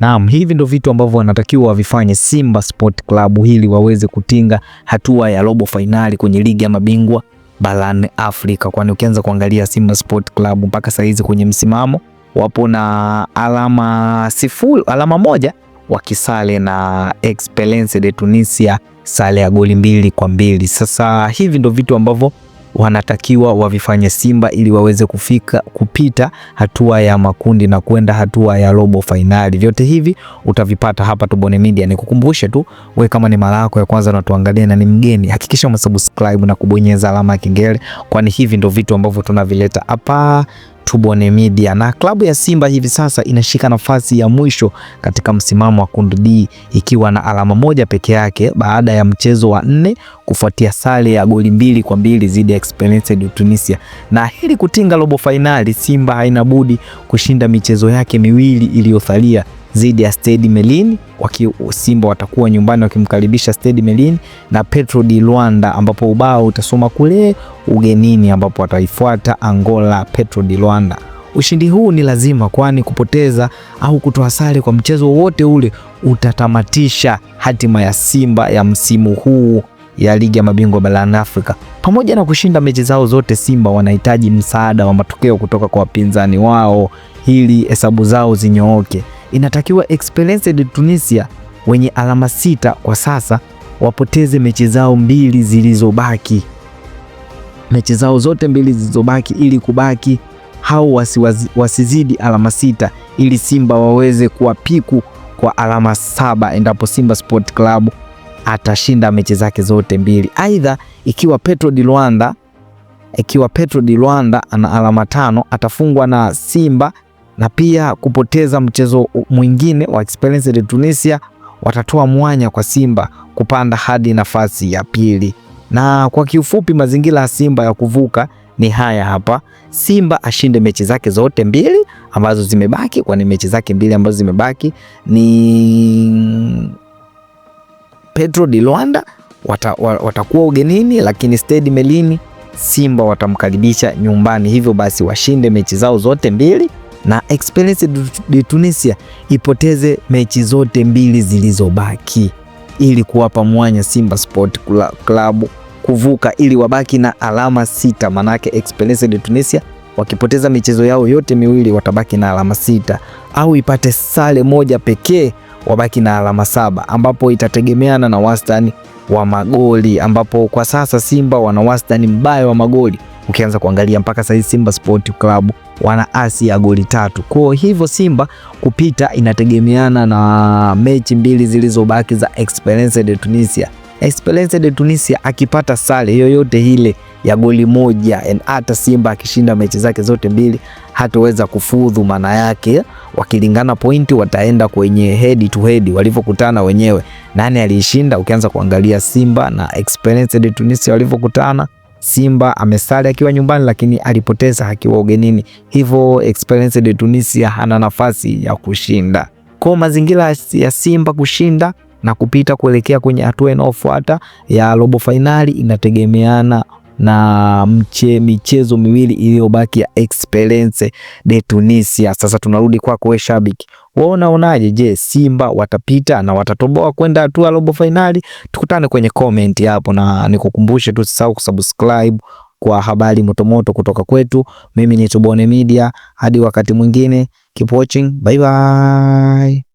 Naam, hivi ndo vitu ambavyo wanatakiwa wavifanye Simba Sport Club hili waweze kutinga hatua ya robo fainali kwenye ligi ya mabingwa barani Afrika, kwani ukianza kuangalia Simba Sport Club mpaka saizi kwenye msimamo wapo na alama sifuri, alama moja wakisale na Esperance de Tunisia sale ya goli mbili kwa mbili. Sasa hivi ndo vitu ambavyo wanatakiwa wavifanye Simba ili waweze kufika kupita hatua ya makundi na kwenda hatua ya robo fainali. Vyote hivi utavipata hapa Tubone Media. Nikukumbushe tu wewe, kama ni mara yako ya kwanza unatuangalia na ni mgeni, hakikisha umesubscribe na kubonyeza alama ya kengele, kwani hivi ndio vitu ambavyo tunavileta hapa Tubone Media. Na klabu ya Simba hivi sasa inashika nafasi ya mwisho katika msimamo wa kundi D ikiwa na alama moja peke yake baada ya mchezo wa nne kufuatia sare ya goli mbili kwa mbili dhidi ya Esperance de Tunisia. Na hili kutinga robo fainali, Simba haina budi kushinda michezo yake miwili iliyosalia dhidi ya Stade Melin, Simba watakuwa nyumbani wakimkaribisha Stade Melin na Petro di Luanda, ambapo ubao utasoma kule ugenini, ambapo wataifuata Angola Petro di Luanda. Ushindi huu ni lazima, kwani kupoteza au kutoa sare kwa mchezo wowote ule utatamatisha hatima ya Simba ya msimu huu ya ligi ya mabingwa barani Afrika. Pamoja na kushinda mechi zao zote, Simba wanahitaji msaada wa matokeo kutoka kwa wapinzani wao ili hesabu zao zinyooke inatakiwa Esperance de Tunisia wenye alama sita kwa sasa wapoteze mechi zao mbili zilizobaki, mechi zao zote mbili zilizobaki ili kubaki hao wasizidi alama sita ili Simba waweze kuwapiku kwa alama saba endapo Simba Sport Club atashinda mechi zake zote mbili. Aidha, ikiwa Petro di Luanda ikiwa Petro di Luanda ana alama tano atafungwa na Simba na pia kupoteza mchezo mwingine wa Esperance de Tunisia watatoa mwanya kwa Simba kupanda hadi nafasi ya pili. Na kwa kiufupi, mazingira ya Simba ya kuvuka ni haya hapa. Simba ashinde mechi zake zote mbili ambazo zimebaki, kwani mechi zake mbili ambazo zimebaki ni Petro di Luanda watakuwa wata ugenini, lakini Stade Melini Simba watamkaribisha nyumbani. Hivyo basi washinde mechi zao zote mbili na Esperance de Tunisia ipoteze mechi zote mbili zilizobaki ili kuwapa mwanya Simba Sport Club kuvuka ili wabaki na alama sita. Manake Esperance de Tunisia wakipoteza michezo yao yote miwili watabaki na alama sita, au ipate sare moja pekee wabaki na alama saba, ambapo itategemeana na wastani wa magoli, ambapo kwa sasa Simba wana wastani mbaya wa magoli ukianza kuangalia mpaka sasa Simba Sport Club wana asi ya goli tatu. Kwa hivyo Simba kupita inategemeana na mechi mbili zilizobaki za Esperance de Tunisia. Esperance de Tunisia akipata sare yoyote ile ya goli moja, hata Simba akishinda mechi zake zote mbili hataweza kufudhu. Maana yake wakilingana pointi wataenda kwenye head to head walivyokutana wenyewe, nani aliishinda. Ukianza kuangalia Simba na Esperance de Tunisia walivyokutana Simba amesali akiwa nyumbani, lakini alipoteza akiwa ugenini, hivyo Esperance de Tunisia hana nafasi ya kushinda. Kwa mazingira ya Simba kushinda na kupita kuelekea kwenye hatua inayofuata ya robo fainali inategemeana na mche, michezo miwili iliyobaki ya Esperance de Tunisia. Sasa tunarudi kwako wewe shabiki, wewe unaonaje? Je, Simba watapita na watatoboa kwenda hatua robo fainali? Tukutane kwenye comment hapo, na nikukumbushe tu usisahau kusubscribe kwa habari motomoto kutoka kwetu. Mimi ni Tubone Media, hadi wakati mwingine, keep watching, bye bye.